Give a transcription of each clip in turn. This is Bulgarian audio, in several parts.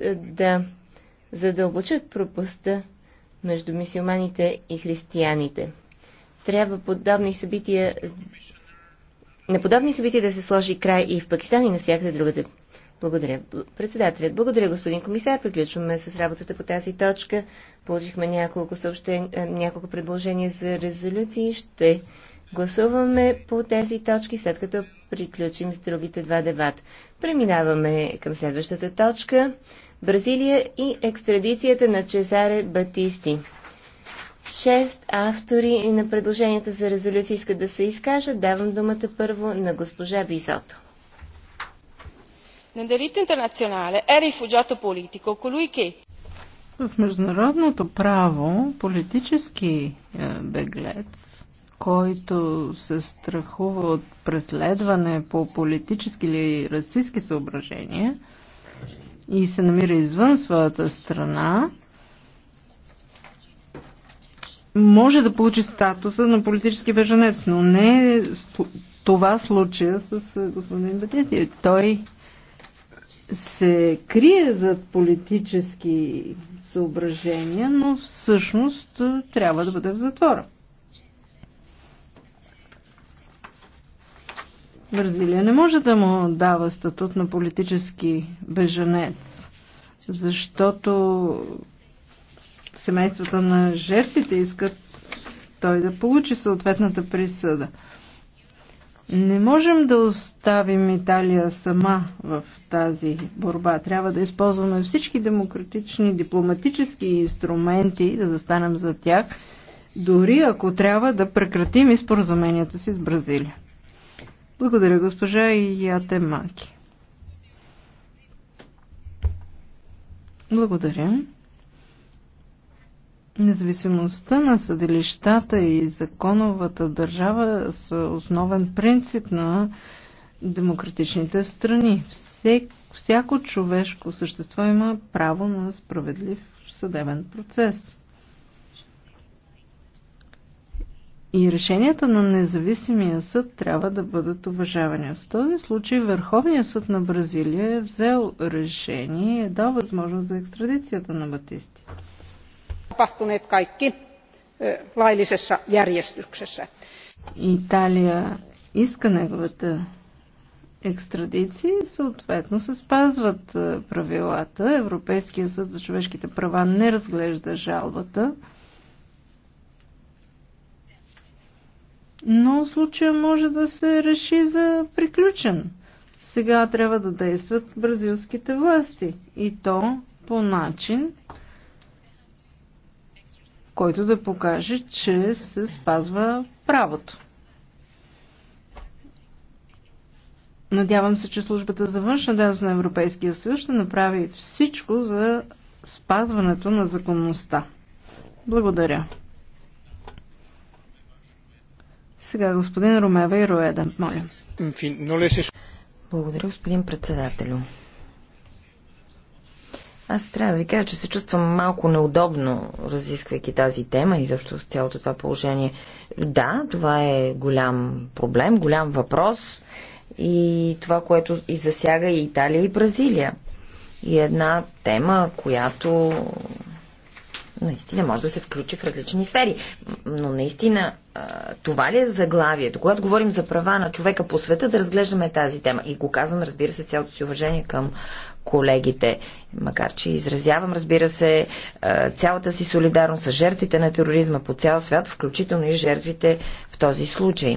Е, да задълбочат пропуста между мисиоманите и християните. Трябва подобни събития на подобни събития да се сложи край и в Пакистан и на всякъде другаде. Благодаря. Председателят, благодаря господин комисар. Приключваме с работата по тази точка. Получихме няколко, съобщен... Е, няколко предложения за резолюции. Ще Гласуваме по тези точки, след като приключим с другите два дебата. Преминаваме към следващата точка. Бразилия и екстрадицията на Чезаре Батисти. Шест автори на предложенията за резолюция искат да се изкажат. Давам думата първо на госпожа Бизото. Nel diritto internazionale è rifugiato politico colui che в международното право политически е, беглец който се страхува от преследване по политически или расистски съображения и се намира извън своята страна, може да получи статуса на политически беженец, но не е това случая с е, господин Батисти. Той се крие зад политически съображения, но всъщност е, трябва да бъде в затвора. Бразилия не може да му дава статут на политически беженец, защото семействата на жертвите искат той да получи съответната присъда. Не можем да оставим Италия сама в тази борба. Трябва да използваме всички демократични, дипломатически инструменти, да застанем за тях, дори ако трябва да прекратим и споразумението си с Бразилия. Благодаря, госпожа ияте Маки. Благодаря. Независимостта на съдилищата и законовата държава са основен принцип на демократичните страни. всяко човешко същество има право на справедлив съдебен процес. и решенията на независимия съд трябва да бъдат уважавани. В този случай Върховният съд на Бразилия е взел решение и е дал възможност за екстрадицията на Батисти. Е, Италия иска неговата екстрадиции, съответно се спазват е, правилата. Европейския съд за човешките права не разглежда жалбата. но случая може да се реши за приключен. Сега трябва да действат бразилските власти и то по начин, който да покаже, че се спазва правото. Надявам се, че службата за външна дейност на Европейския съюз ще направи всичко за спазването на законността. Благодаря. Сега господин Ромева и Роеда, моля. Благодаря, господин председателю. Аз трябва да ви кажа, че се чувствам малко неудобно, разисквайки тази тема и защо с цялото това положение. Да, това е голям проблем, голям въпрос и това, което и засяга и Италия и Бразилия. И една тема, която наистина може да се включи в различни сфери. Но наистина това ли е заглавието? Когато говорим за права на човека по света, да разглеждаме тази тема. И го казвам, разбира се, цялото си уважение към колегите, макар че изразявам, разбира се, цялата си солидарност с жертвите на тероризма по цял свят, включително и жертвите в този случай.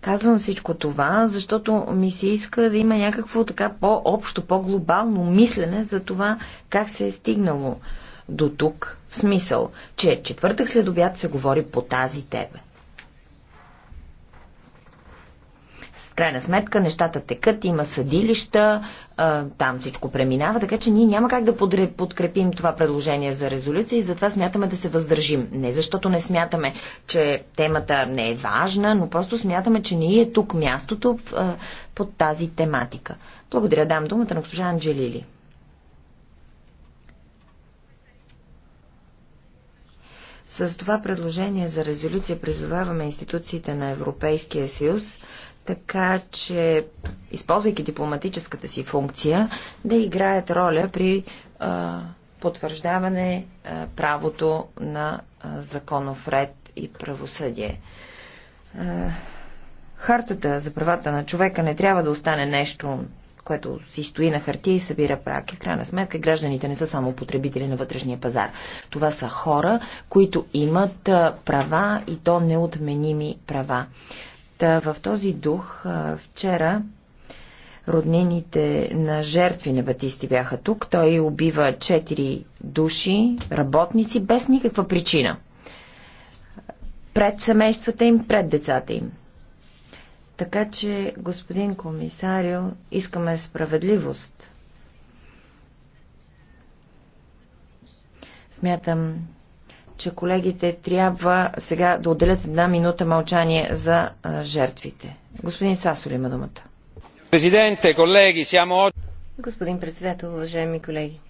Казвам всичко това, защото ми се иска да има някакво така по-общо, по-глобално мислене за това как се е стигнало до тук, в смисъл, че четвъртък след обяд се говори по тази тебе. В крайна сметка нещата текат, има съдилища, там всичко преминава, така че ние няма как да подкрепим това предложение за резолюция и затова смятаме да се въздържим. Не защото не смятаме, че темата не е важна, но просто смятаме, че ние е тук мястото под тази тематика. Благодаря, дам думата на госпожа Анджелили. С това предложение за резолюция призоваваме институциите на Европейския съюз така че, използвайки дипломатическата си функция, да играят роля при а, потвърждаване а, правото на а, законов ред и правосъдие. А, хартата за правата на човека не трябва да остане нещо което си стои на хартия и събира прак. И в крайна сметка гражданите не са само потребители на вътрешния пазар. Това са хора, които имат права и то неотменими права. Та в този дух вчера роднините на жертви на Батисти бяха тук. Той убива четири души, работници, без никаква причина. Пред семействата им, пред децата им. Така че, господин комисарио, искаме справедливост. Смятам, че колегите трябва сега да отделят една минута мълчание за жертвите. Господин Сасоли има думата. Президенте, колеги, сямо... Господин председател, уважаеми колеги,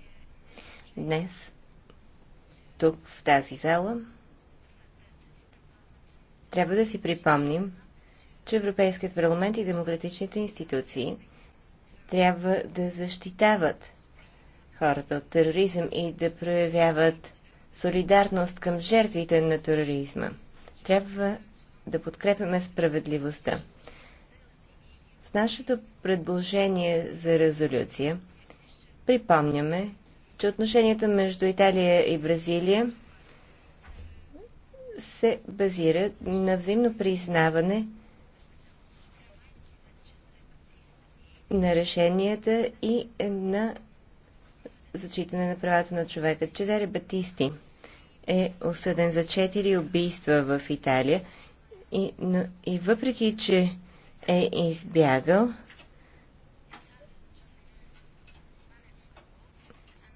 днес, тук в тази зала, трябва да си припомним, че Европейският парламент и демократичните институции трябва да защитават хората от тероризъм и да проявяват солидарност към жертвите на тероризма. Трябва да подкрепяме справедливостта. В нашето предложение за резолюция припомняме, че отношенията между Италия и Бразилия се базират на взаимно признаване – на решенията и на зачитане на правата на човека. Чезаре Батисти е осъден за 4 убийства в Италия и, но, и въпреки, че е избягал,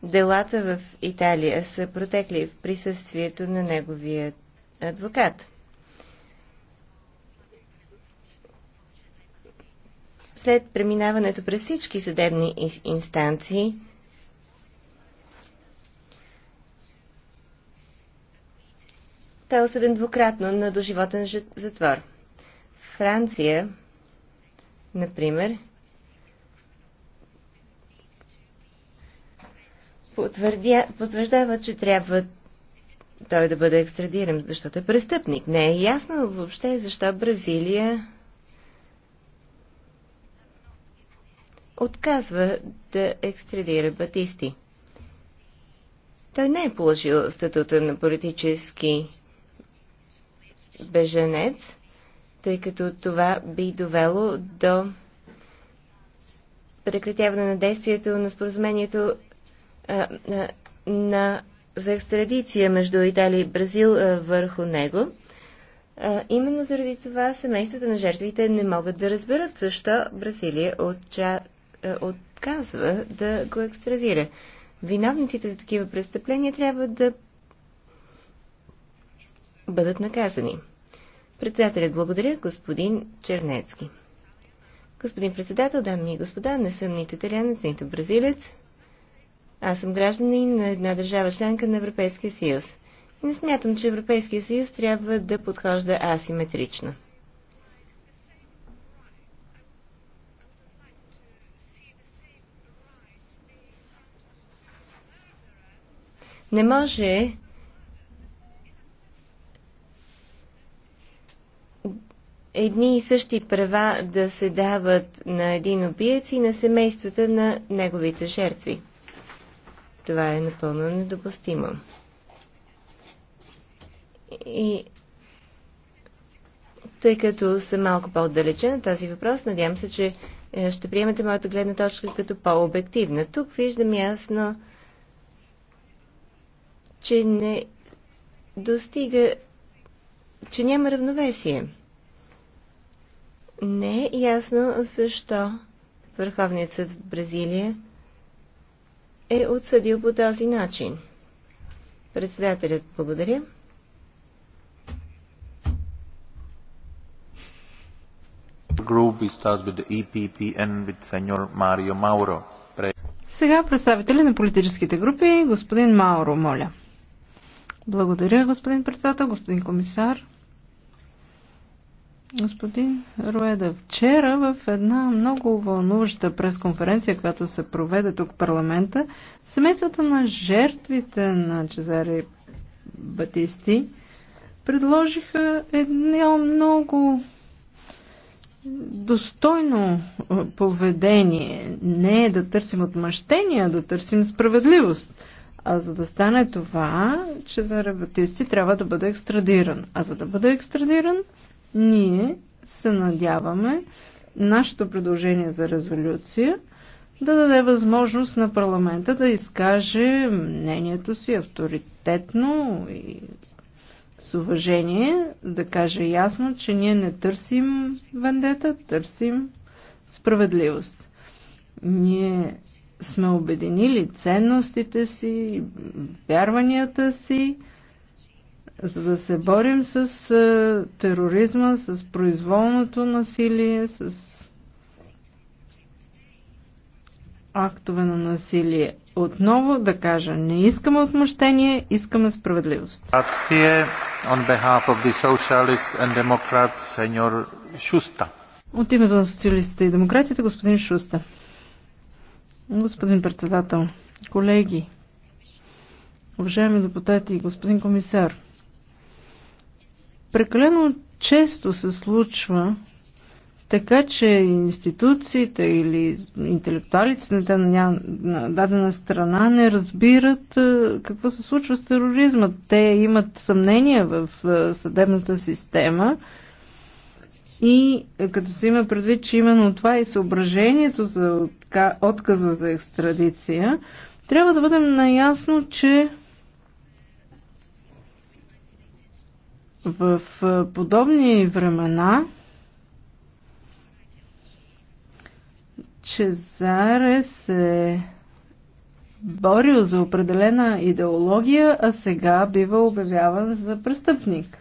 делата в Италия са протекли в присъствието на неговия адвокат. след преминаването през всички съдебни инстанции, той е осъден двукратно на доживотен затвор. Франция, например, потвърдя, потвърждава, че трябва той да бъде екстрадиран, защото е престъпник. Не е ясно въобще защо Бразилия отказва да екстрадира Батисти. Той не е положил статута на политически беженец, тъй като това би довело до прекратяване на действието на споразумението а, на, на, за екстрадиция между Италия и Бразил а, върху него. А, именно заради това семействата на жертвите не могат да разберат защо Бразилия отча, е, отказва да го екстразира. Виновниците за такива престъпления трябва да бъдат наказани. Председателят благодаря господин Чернецки. Господин председател, дами и господа, не съм нито италянец, нито бразилец. Аз съм гражданин на една държава членка на Европейския съюз. И не смятам, че Европейския съюз трябва да подхожда асиметрично. Не може едни и същи права да се дават на един убиец и на семействата на неговите жертви. Това е напълно недопустимо. И тъй като съм малко по отдалечен на този въпрос, надявам се, че е, ще приемете моята гледна точка като по-обективна. Тук виждам ясно че не достига, че няма равновесие. Не е ясно защо Върховният съд в Бразилия е отсъдил по този начин. Председателят благодаря. Сега представители на политическите групи, господин Мауро, моля. Благодаря, господин председател, господин комисар. Господин Роеда, вчера в една много вълнуваща пресконференция, която се проведе тук в парламента, семействата на жертвите на чезари Батисти предложиха едно много достойно поведение. Не е да търсим отмъщение, а да търсим справедливост. А за да стане това, че за работисти трябва да бъде екстрадиран. А за да бъде екстрадиран, ние се надяваме нашето предложение за резолюция да даде възможност на парламента да изкаже мнението си авторитетно и с уважение, да каже ясно, че ние не търсим вендета, търсим справедливост. Ние сме обединили ценностите си, вярванията си, за да се борим с тероризма, с произволното насилие, с актове на насилие. Отново да кажа, не искаме отмъщение, искаме справедливост. От името на социалистите и демократите, господин Шуста. Господин председател, колеги, уважаеми депутати, господин комисар, прекалено често се случва така, че институциите или интелектуалиците на дадена страна не разбират е, какво се случва с тероризма. Те имат съмнения в е, съдебната система и е, като се има предвид, че именно това е съображението за така отказа за екстрадиция, трябва да бъдем наясно, че в подобни времена Чезаре се борил за определена идеология, а сега бива обявяван за престъпник.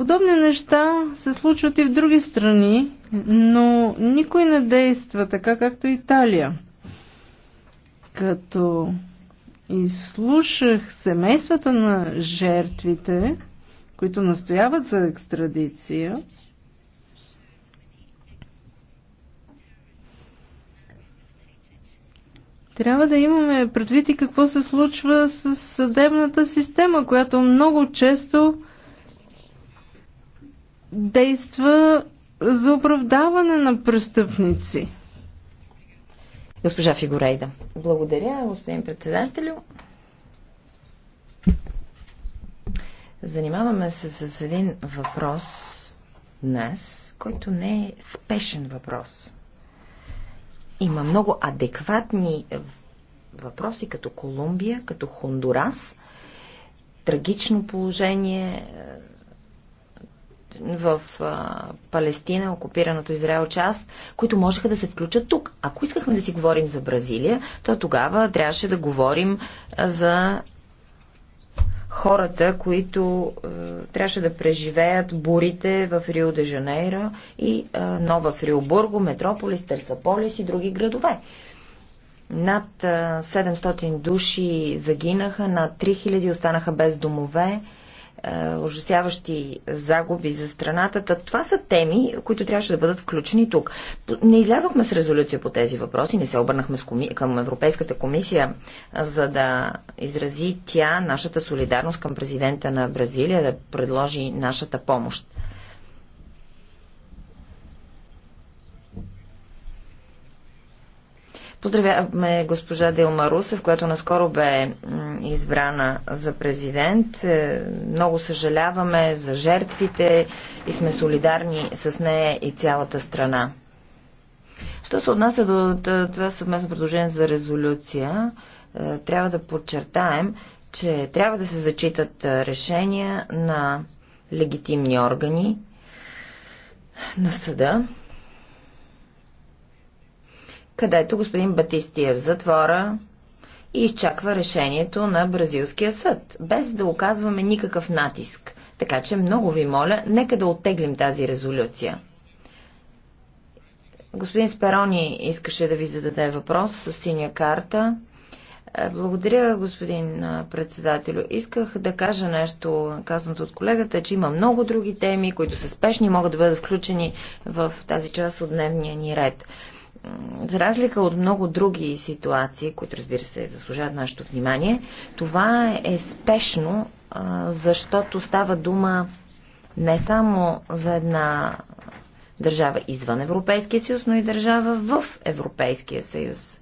Подобни неща се случват и в други страни, но никой не действа така, както Италия. Като изслушах семействата на жертвите, които настояват за екстрадиция, трябва да имаме предвид и какво се случва с съдебната система, която много често действа за оправдаване на престъпници. Госпожа Фигурейда. Благодаря, господин председателю. Занимаваме се с един въпрос днес, който не е спешен въпрос. Има много адекватни въпроси, като Колумбия, като Хондурас. Трагично положение в а, Палестина, окупираното Израел част, които можеха да се включат тук. Ако искахме да си говорим за Бразилия, то тогава трябваше да говорим за хората, които а, трябваше да преживеят бурите в Рио де Жанейро и а, Нова в Рио Бурго, Метрополис, Терсаполис и други градове. Над а, 700 души загинаха, над 3000 останаха без домове. А, е, ужасяващи загуби за страната. това са теми, които трябваше да бъдат включени тук. Не излязохме с резолюция по тези въпроси, не се обърнахме към Европейската комисия, за да изрази тя нашата солидарност към президента на Бразилия, да предложи нашата помощ. Поздравяваме госпожа Дилма Русев, която наскоро бе избрана за президент. Е, много съжаляваме за жертвите и сме солидарни с нея и цялата страна. Що се отнася до това съвместно предложение за резолюция, е, трябва да подчертаем, че трябва да се зачитат е, решения на легитимни органи, на съда, където господин Батисти е в затвора и изчаква решението на бразилския съд, без да оказваме никакъв натиск. Така че много ви моля, нека да оттеглим тази резолюция. Господин Сперони искаше да ви зададе въпрос с синя карта. Е, благодаря, господин председател. Исках да кажа нещо, казаното от колегата, че има много други теми, които са спешни и могат да бъдат включени в тази част от дневния ни ред за разлика от много други ситуации, които разбира се заслужават нашето внимание, това е спешно, защото става дума не само за една държава извън Европейския съюз, но и държава в Европейския съюз.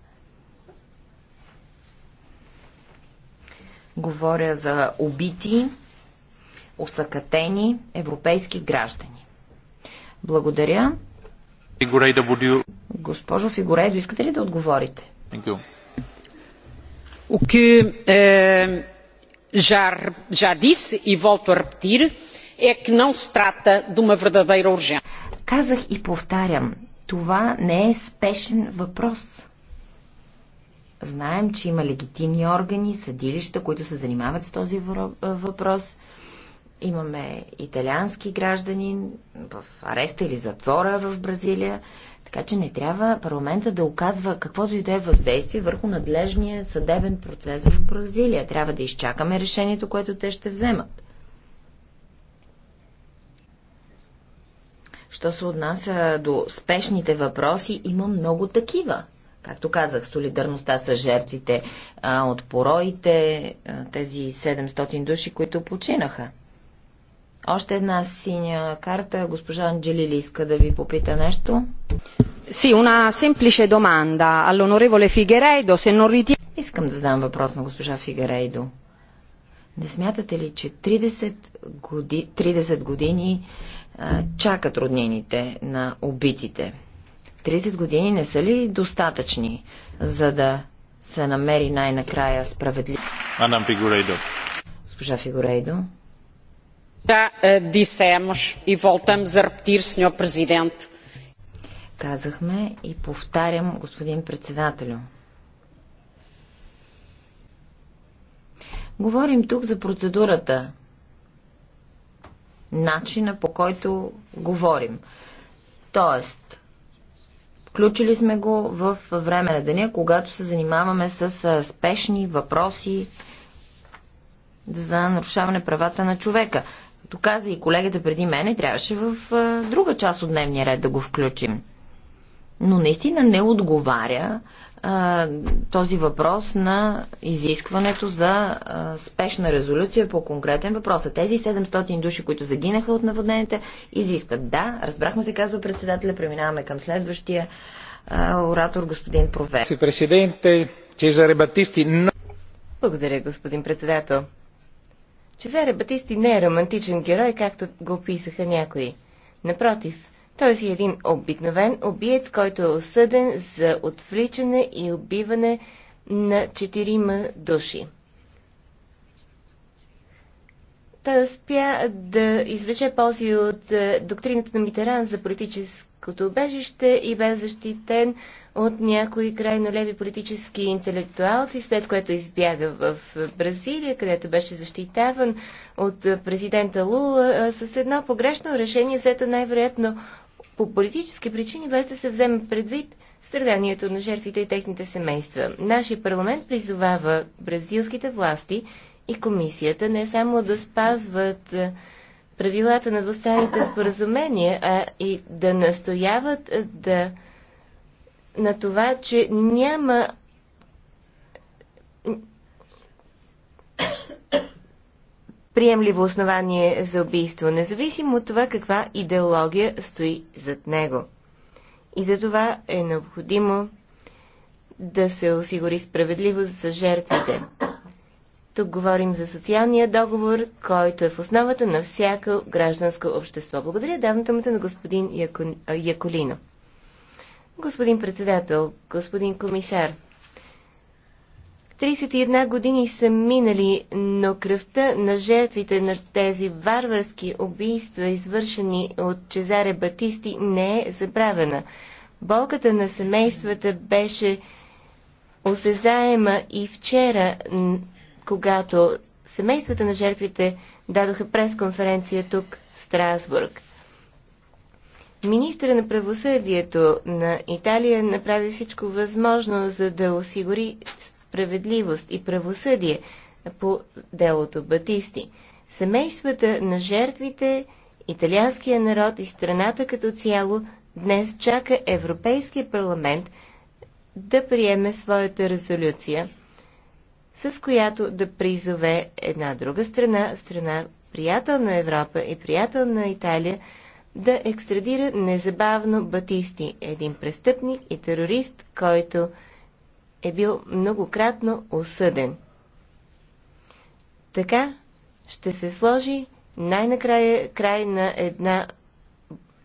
Говоря за убити, усъкатени европейски граждани. Благодаря. Госпожо Фигурейдо, искате ли да отговорите? O que eh, já, já disse e volto a repetir é que não se trata de uma verdadeira urgência. Казах и повтарям, това не е спешен въпрос. Знаем, че има легитимни органи, съдилища, които се занимават с този въпрос. Имаме италиански гражданин в ареста или затвора в Бразилия, така че не трябва парламента да оказва каквото и да е въздействие върху надлежния съдебен процес в Бразилия. Трябва да изчакаме решението, което те ще вземат. Що се отнася до спешните въпроси, има много такива. Както казах, солидарността с жертвите а, от пороите, а, тези 700 души, които починаха. Още една синя карта. Госпожа Анджелили иска да ви попита нещо. Sì, una semplice domanda all'onorevole Figueiredo, se non ritiene... Искам да задам въпрос на госпожа Фигарейдо. Не смятате ли, че 30, годи... 30 години а, чакат роднините на убитите? 30 години не са ли достатъчни, за да се намери най-накрая справедливо? Анам Фигурейдо. Госпожа Фигурейдо. Já dissemos e voltamos a repetir, senhor presidente. Казахме и повтарям, господин председателю. Говорим тук за процедурата, начина по който говорим. Тоест, включили сме го в време на деня, когато се занимаваме с е, спешни въпроси за нарушаване правата на човека. Както каза и колегата преди мене, трябваше в друга част от дневния ред да го включим. Но наистина не отговаря а, този въпрос на изискването за а, спешна резолюция по конкретен въпрос. А тези 700 души, които загинаха от наводнените, изискват. Да, разбрахме се, казва председателя, преминаваме към следващия а, оратор, господин Провер. Благодаря, господин председател. Чезаре Батисти не е романтичен герой, както го описаха някои. Напротив, той си е един обикновен обиец, който е осъден за отвличане и убиване на четирима души. Той успя да извлече ползи от е, доктрината на Митеран за политическото убежище и бе защитен от някои крайно леви политически интелектуалци, след което избяга в Бразилия, където беше защитаван от президента Лула с едно погрешно решение, взето най-вероятно по политически причини, без да се вземе предвид страданието на жертвите и техните семейства. Нашия парламент призовава бразилските власти и комисията не само да спазват правилата на двустранните споразумения, а и да настояват да на това, че няма приемливо основание за убийство, независимо от това каква идеология стои зад него. И за това е необходимо да се осигури справедливост за жертвите. Тук говорим за социалния договор, който е в основата на всяко гражданско общество. Благодаря давната му на господин Яко... Яколино. Господин председател, господин комисар, 31 години са минали, но кръвта на жертвите на тези варварски убийства, извършени от Чезаре Батисти, не е забравена. Болката на семействата беше осезаема и вчера, когато семействата на жертвите дадоха пресконференция тук, в Страсбург. Министра на правосъдието на Италия направи всичко възможно, за да осигури справедливост и правосъдие по делото Батисти. Семействата на жертвите, италианския народ и страната като цяло днес чака Европейския парламент да приеме своята резолюция, с която да призове една друга страна, страна приятел на Европа и приятел на Италия, да екстрадира незабавно Батисти, един престъпник и терорист, който е бил многократно осъден. Така ще се сложи най-накрая край на една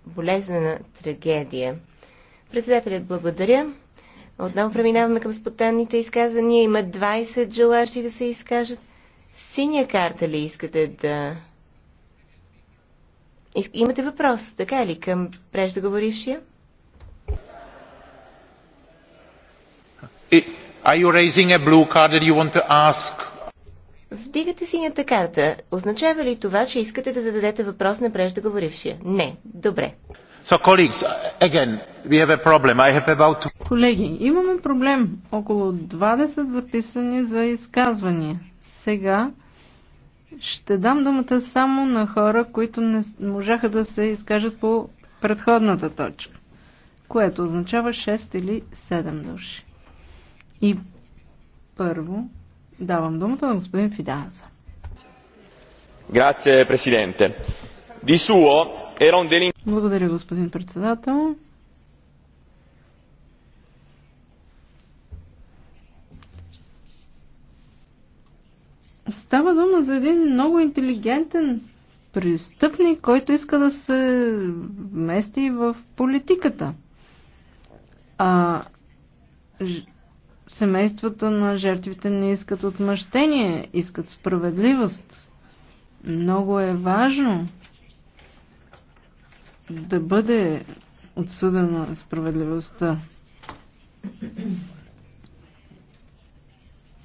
болезнена трагедия. Председателят благодаря. Отново преминаваме към спонтанните изказвания. Има 20 желащи да се изкажат. Синя карта ли искате да Имате въпрос, така е ли, към преждоговорившия? Are you raising a blue card that you want to ask? Вдигате синята карта. Означава ли това, че искате да зададете въпрос на преждоговорившия? Не. Добре. So, colleagues, again, we have a problem. I have about... Колеги, имаме проблем. Около 20 записани за изказвания. Сега ще дам думата само на хора, които не можаха да се изкажат по предходната точка, което означава 6 или 7 души. И първо давам думата на господин Фиданза. Грация, президенте. Благодаря, господин председател. Става дума за един много интелигентен престъпник, който иска да се вмести в политиката. А семействата на жертвите не искат отмъщение, искат справедливост. Много е важно да бъде отсъдена справедливостта.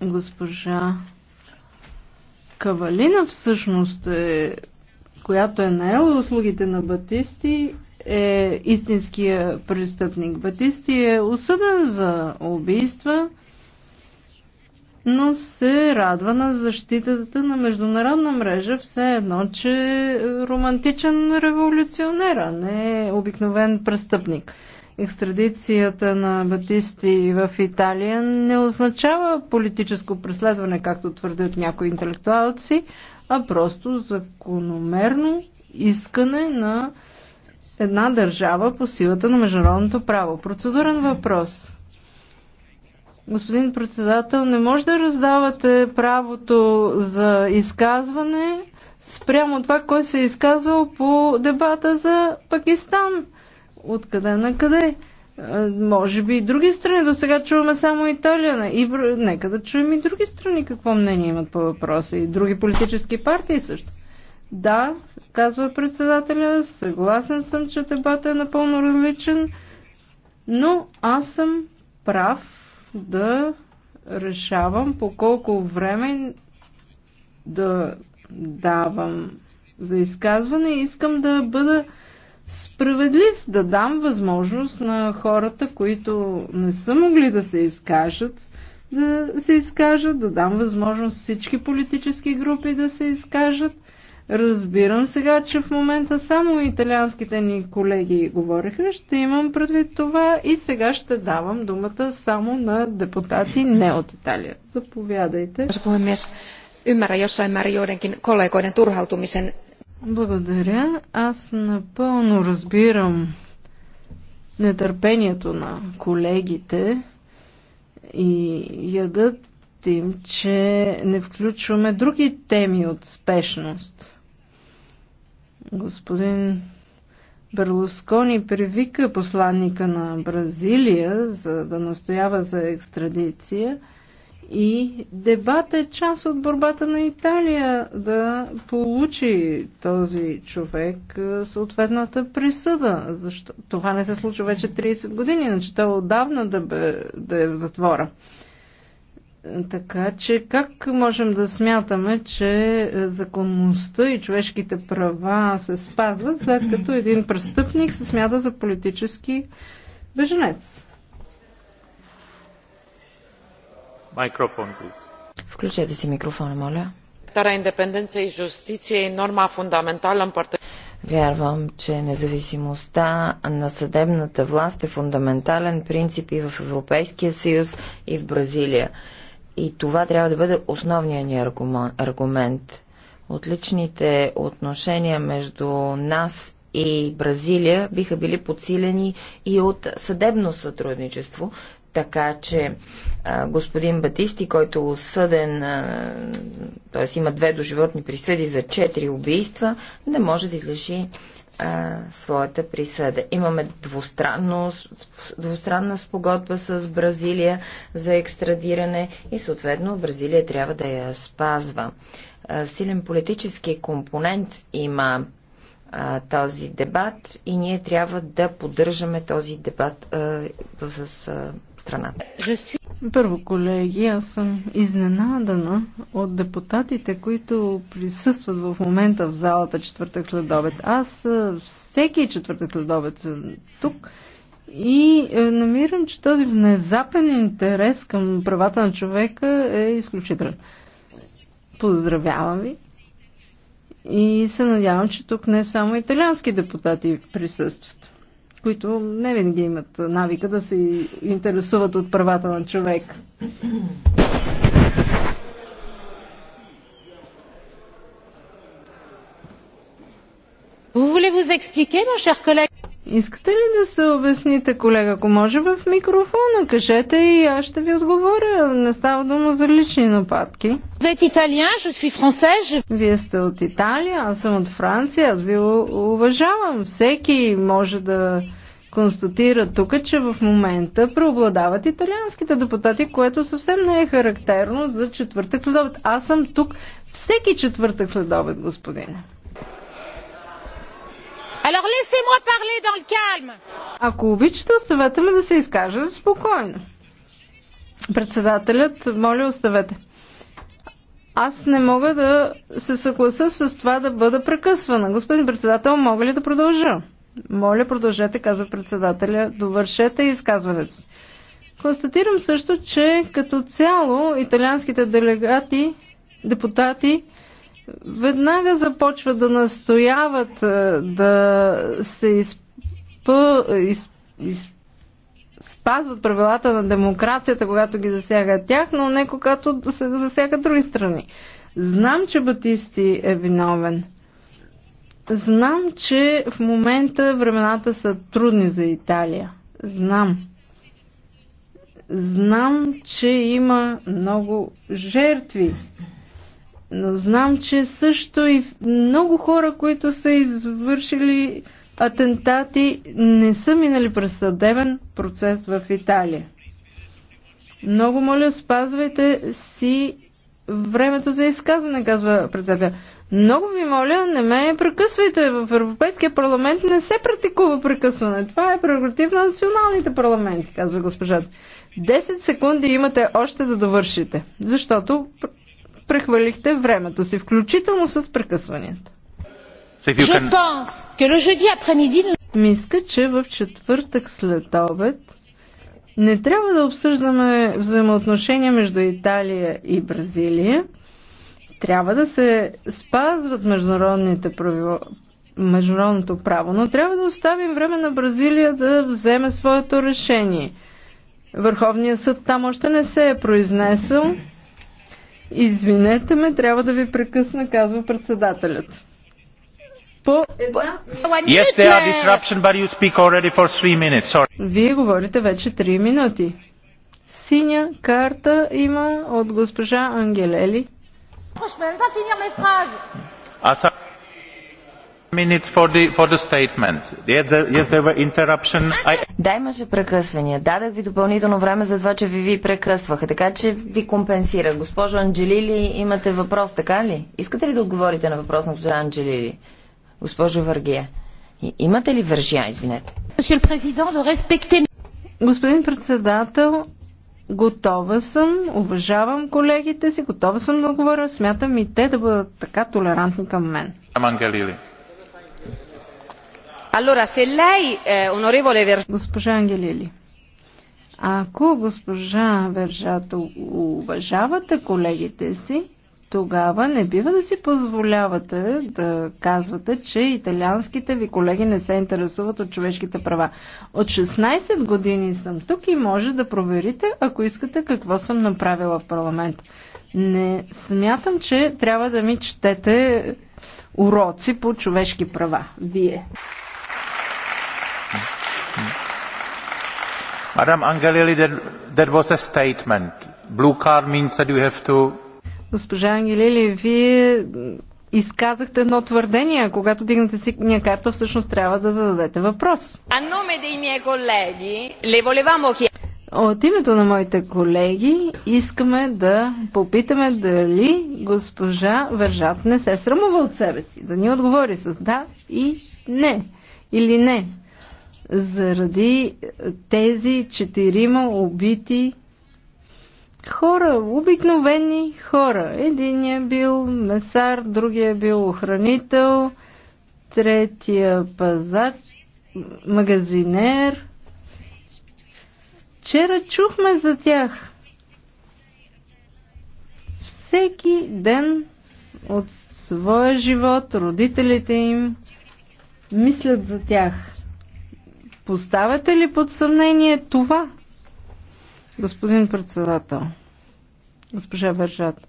Госпожа Кавалина всъщност, е, която е наела услугите на Батисти, е истинския престъпник. Батисти е осъден за убийства, но се радва на защитата на международна мрежа, все едно, че е романтичен революционер, а не е обикновен престъпник екстрадицията на Батисти в Италия не означава политическо преследване, както твърдят някои интелектуалци, а просто закономерно искане на една държава по силата на международното право. Процедурен въпрос. Господин председател, не може да раздавате правото за изказване спрямо това, кой се е изказвал по дебата за Пакистан откъде на къде. Е, може би и други страни, до сега чуваме само Италия. И, нека да чуем и други страни какво мнение имат по въпроса. И други политически партии също. Да, казва председателя, съгласен съм, че дебата е напълно различен, но аз съм прав да решавам по колко време да давам за изказване. Искам да бъда справедлив, да дам възможност на хората, които не са могли да се изкажат, да се изкажат, да дам възможност всички политически групи да се изкажат. Разбирам сега, че в момента само италианските ни колеги говориха. Ще имам предвид това и сега ще давам думата само на депутати не от Италия. Заповядайте. Ymmärrän jossain määrin joidenkin kollegoiden turhautumisen благодаря. Аз напълно разбирам нетърпението на колегите и ядат им, че не включваме други теми от спешност. Господин Берлускони привика посланника на Бразилия, за да настоява за екстрадиция – и дебат е част от борбата на Италия да получи този човек съответната присъда. Защо? Това не се случва вече 30 години, значи той отдавна да, бе, да е в затвора. Така че как можем да смятаме, че законността и човешките права се спазват, след като един престъпник се смята за политически беженец? Включете си микрофона, моля. Тара индепенденция и юстиция и норма фундаментална împărtă... Вярвам, че независимостта на съдебната власт е фундаментален принцип и в Европейския съюз, и в Бразилия. И това трябва да бъде основният ни аргумент. Отличните отношения между нас и Бразилия биха били подсилени и от съдебно сътрудничество, така че а, господин Батисти, който е осъден, т.е. има две доживотни присъди за четири убийства, не може да излежи а, своята присъда. Имаме двустранна спогодба с Бразилия за екстрадиране и съответно Бразилия трябва да я спазва. А, силен политически компонент има този дебат и ние трябва да поддържаме този дебат а, с а, страна. Първо, колеги, аз съм изненадана от депутатите, които присъстват в момента в залата четвъртък след обед. Аз всеки четвъртък след обед съм тук и е, намирам, че този внезапен интерес към правата на човека е изключителен. Поздравявам ви и се надявам, че тук не само италиански депутати присъстват които не винаги имат навика да се интересуват от правата на човек. Vous voulez vous expliquer, mon cher collègue Искате ли да се обясните, колега, ако може в микрофона, кажете и аз ще ви отговоря. Не става дума за лични нападки. Вие сте от Италия, аз съм от Франция, аз ви уважавам. Всеки може да констатира тук, че в момента преобладават италианските депутати, което съвсем не е характерно за четвъртък следобед. Аз съм тук всеки четвъртък следобед, господине. Alors laissez-moi parler dans le calme. Ако обичате, оставете ме да се изкажа спокойно. Председателят, моля, оставете. Аз не мога да се съгласа с това да бъда прекъсвана. Господин председател, мога ли да продължа? Моля, продължете, казва председателя. Довършете изказването си. Констатирам също, че като цяло италианските делегати, депутати, веднага започват да настояват е, да се изпъ... из... Из... спазват правилата на демокрацията, когато ги засягат тях, но не когато се засягат други страни. Знам, че Батисти е виновен. Знам, че в момента времената са трудни за Италия. Знам. Знам, че има много жертви. Но знам, че също и много хора, които са извършили атентати, не са минали през съдебен процес в Италия. Много моля, спазвайте си времето за изказване, казва председател. Много ви моля, не ме прекъсвайте. В Европейския парламент не се практикува прекъсване. Това е прерогатив на националните парламенти, казва госпожата. 10 секунди имате още да довършите, защото Прехвърлихте времето си, включително с прекъсванията. Мисля, че в четвъртък след обед не трябва да обсъждаме взаимоотношения между Италия и Бразилия. Трябва да се спазват международните правила, международното право, но трябва да оставим време на Бразилия да вземе своето решение. Върховният съд там още не се е произнесъл. Извинете ме, трябва да ви прекъсна, казва председателят. По една... Yes, there are disruption, but you speak already for three minutes. Sorry. Вие говорите вече 3 минути. Синя карта има от госпожа Ангелели. Аз да, имаше прекъсвания. Дадах ви допълнително време за това, че ви ви прекъсваха, така че ви компенсира. Госпожо Анджелили, имате въпрос, така ли? Искате ли да отговорите на въпрос на госпожа Анджелили? Госпожо Варгия, имате ли вържия, извинете? Господин председател, готова съм, уважавам колегите си, готова съм да говоря, смятам и те да бъдат така толерантни към мен. Амангелили. Allora, se lei, eh, onorevole Ver... Госпожа Ангелили, ако госпожа Вержато уважавате колегите си, тогава не бива да си позволявате да казвате, че италианските ви колеги не се интересуват от човешките права. От 16 години съм тук и може да проверите, ако искате, какво съм направила в парламент. Не смятам, че трябва да ми четете уроци по човешки права. Вие. Madam that, that was a statement. Blue card means that you have to... Госпожа Ангелили, вие изказахте едно твърдение. Когато дигнете синя карта, всъщност трябва да зададете въпрос. А номе от името на моите колеги искаме да попитаме дали госпожа Вържат не се срамува от себе си. Да ни отговори с да и не. Или не заради тези четирима убити хора, обикновени хора. Единия е бил месар, другия е бил охранител, третия пазач, магазинер. Вчера чухме за тях. Всеки ден от своя живот родителите им мислят за тях. Поставяте ли под съмнение това, господин председател? Госпожа Бержат.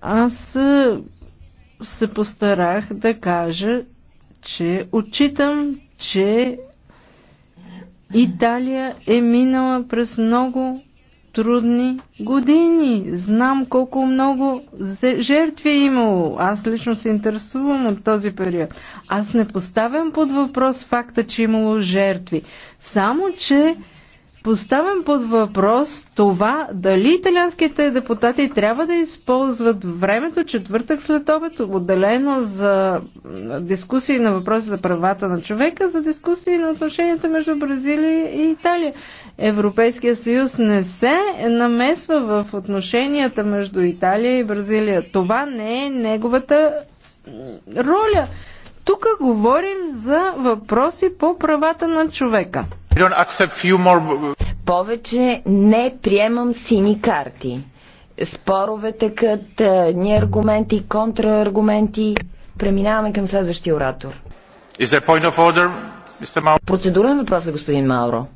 Аз е, се постарах да кажа, че отчитам, че Италия е минала през много трудни години. Знам колко много жертви е имало. Аз лично се интересувам от този период. Аз не поставям под въпрос факта, че е имало жертви. Само, че поставям под въпрос това дали италианските депутати трябва да използват времето четвъртък след обед, отделено за дискусии на въпроси за правата на човека, за дискусии на отношенията между Бразилия и Италия. Европейския съюз не се намесва в отношенията между Италия и Бразилия. Това не е неговата роля. Тук говорим за въпроси по правата на човека. Повече не приемам сини карти. Спорове, кът е, ни аргументи, контрааргументи. Преминаваме към следващия оратор. Is there point of order, Mr. Процедурен въпрос господин Мауро?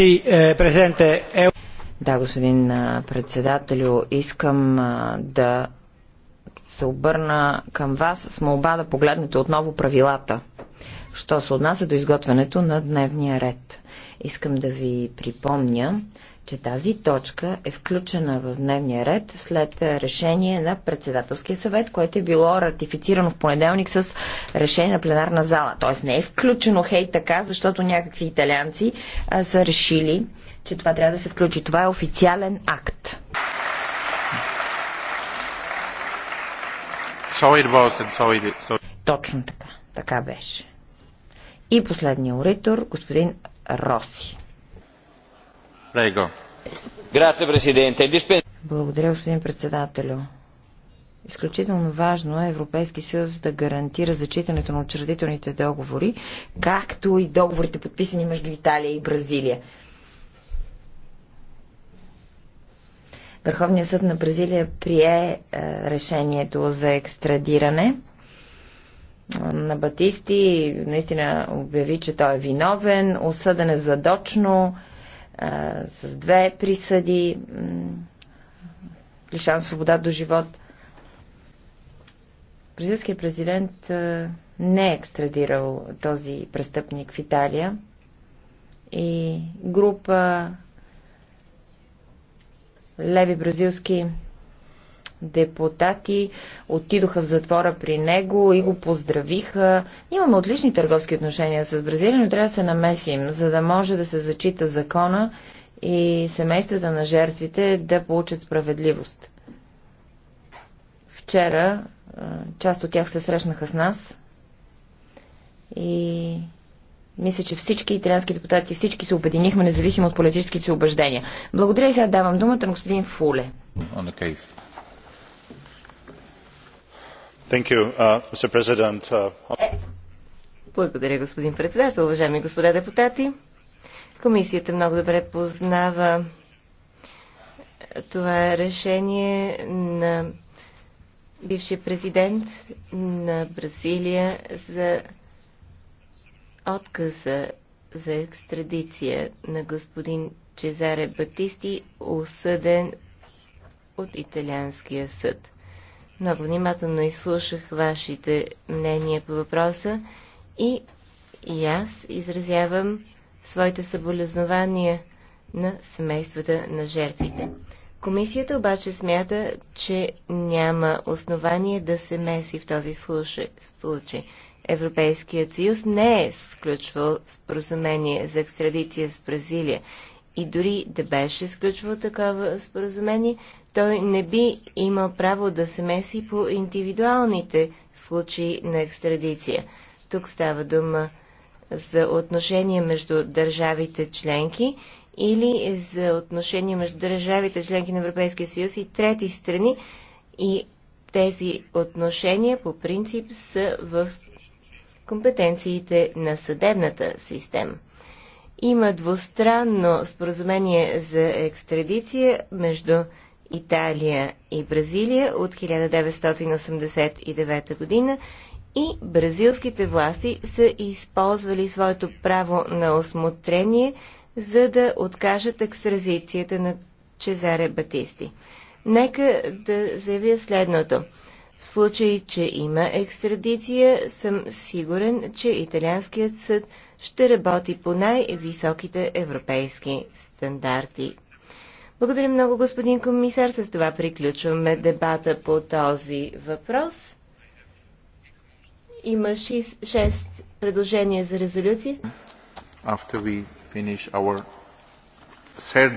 Eh, да, господин председателю, искам да се обърна към вас с молба да погледнете отново правилата, що се отнася до изготвянето на дневния ред. Искам да ви припомня, че тази точка е включена в дневния ред след решение на председателския съвет, което е било ратифицирано в понеделник с решение на пленарна зала. Тоест не е включено хей така, защото някакви италианци а, са решили, че това трябва да се включи. Това е официален акт. So it was and so it, so... Точно така. Така беше. И последния оритор, господин Роси. Благодаря, господин председателю. Изключително важно е Европейски съюз да гарантира зачитането на учредителните договори, както и договорите подписани между Италия и Бразилия. Върховният съд на Бразилия прие е, решението за екстрадиране е, на Батисти. Наистина обяви, че той е виновен. Осъден е задочно а, с две присъди, лишан свобода до живот. Бразилският президент а, не е екстрадирал този престъпник в Италия и група леви бразилски депутати отидоха в затвора при него и го поздравиха. Имаме отлични търговски отношения с Бразилия, но трябва да се намесим, за да може да се зачита закона и семействата на жертвите да получат справедливост. Вчера част от тях се срещнаха с нас и мисля, че всички италиански депутати, всички се обединихме, независимо от политическите си убеждения. Благодаря и сега давам думата на господин Фуле. Uh, uh, Благодаря, господин председател. Уважаеми господа депутати, комисията много добре познава е, това решение на бившия президент на Бразилия за отказа за екстрадиция на господин Чезаре Батисти, осъден от италианския съд. Много внимателно изслушах вашите мнения по въпроса и, и аз изразявам своите съболезнования на семействата на жертвите. Комисията обаче смята, че няма основание да се меси в този случай. Европейският съюз не е сключвал споразумение за екстрадиция с Бразилия и дори да беше сключвал такова споразумение, той не би имал право да се меси по индивидуалните случаи на екстрадиция. Тук става дума за отношения между държавите членки или за отношения между държавите членки на Европейския съюз и трети страни и тези отношения по принцип са в компетенциите на съдебната система има двустранно споразумение за екстрадиция между Италия и Бразилия от 1989 година и бразилските власти са използвали своето право на осмотрение, за да откажат екстразицията на Чезаре Батисти. Нека да заявя следното. В случай, че има екстрадиция, съм сигурен, че италианският съд – ще работи по най-високите европейски стандарти. Благодаря много, господин комисар. С това приключваме дебата по този въпрос. Има 6 предложения за резолюция. After we finish our